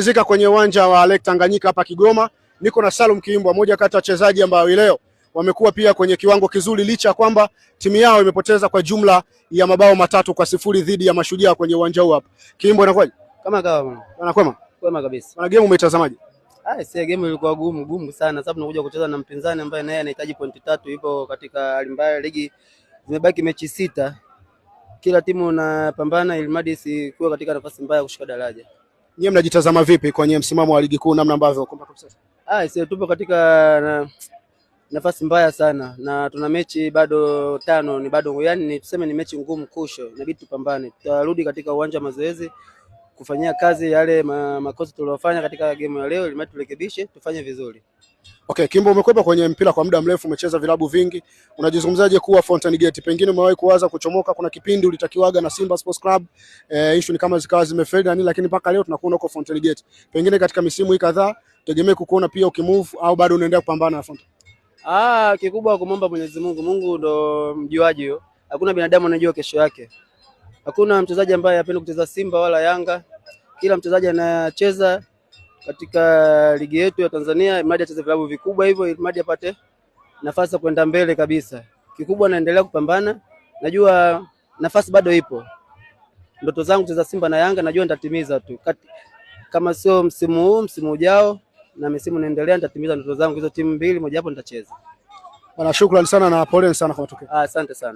Zika kwenye uwanja wa Lake Tanganyika hapa Kigoma, niko na Salum Kiimbwa, mmoja kati ya wachezaji ambao leo wamekuwa pia kwenye kiwango kizuri licha ya kwamba timu yao imepoteza kwa jumla ya mabao matatu kwa sifuri dhidi ya Mashujaa kwenye uwanja huu hapa. Kiimbwa, inakuwaje? Kama kawa bwana, kwema kwema kabisa. Bwana, game umeitazamaje? Ah, si game ilikuwa gumu gumu sana, sababu tunakuja kucheza na mpinzani ambaye naye anahitaji pointi tatu. Ipo katika hali mbaya, ligi zimebaki mechi sita, kila timu inapambana ili mradi kuwa katika nafasi mbaya kushika daraja. Nyie mnajitazama vipi kwenye msimamo wa ligi kuu namna ambavyo kwa mpaka sasa? Ah, sisi tupo katika na, nafasi mbaya sana na tuna mechi bado tano, ni bado yani ni tuseme ni mechi ngumu kusho, inabidi tupambane. Tutarudi katika uwanja wa mazoezi kufanyia kazi yale makosa tuliyofanya katika game ya leo, ili turekebishe tufanye vizuri. Okay, Kimbo umekwepa kwenye mpira kwa muda mrefu, umecheza vilabu vingi. Unajizungumzaje kuwa Fountain Gate? Pengine umewahi kuwaza kuchomoka, kuna kipindi ulitakiwaga na Simba Sports Club. Eh, issue ni kama zikawa zimefeli na nini, lakini mpaka leo tunakuona uko Fountain Gate. Pengine katika misimu hii kadhaa tegemee kukuona pia ukimove au bado unaendelea kupambana na Fountain? Ah, kikubwa kumomba Mwenyezi Mungu. Mungu ndo mjuaji huyo. Hakuna binadamu anajua kesho yake. Hakuna mchezaji ambaye apende kucheza Simba wala Yanga. Kila mchezaji anacheza katika ligi yetu ya Tanzania, mradi acheze vilabu vikubwa hivyo, mradi apate nafasi ya kwenda mbele kabisa. Kikubwa naendelea kupambana, najua nafasi bado ipo. Ndoto zangu za Simba na Yanga najua nitatimiza tu Kat, kama sio msimu huu, msimu ujao na misimu naendelea, nitatimiza ndoto zangu hizo. Timu mbili hapo nitacheza. Bwana, shukrani sana na pole sana kwa matokeo. Asante sana.